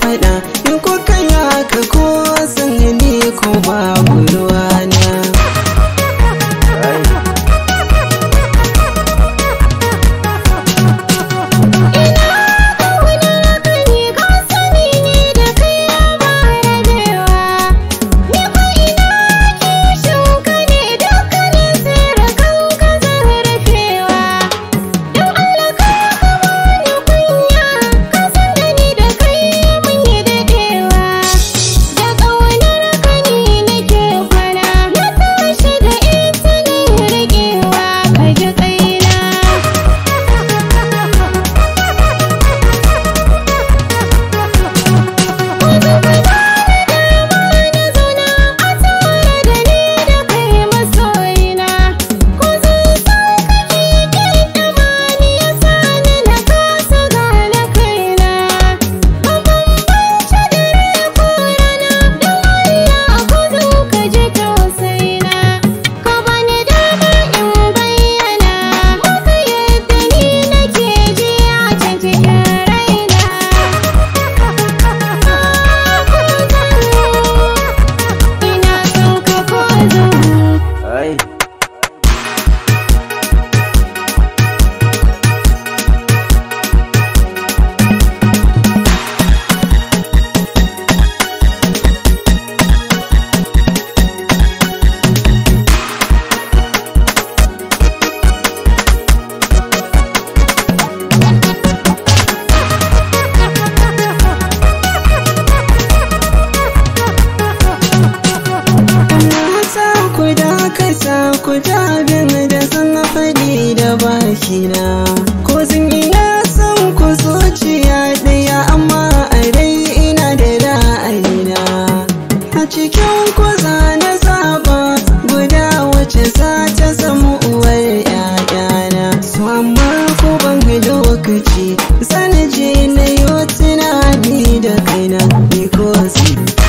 faɗa in ko kai ka ko sanya ne ko ba ne Thank you. ka takuta game da san faɗi da bakina ko sun ina san ku zuciya ɗaya amma a dai ina da ra'ayina a cikin ku na zaba guda wacce za ta zama uwar ‘ya'yana su amma ko ban lokaci zan je na yi tunani da kaina because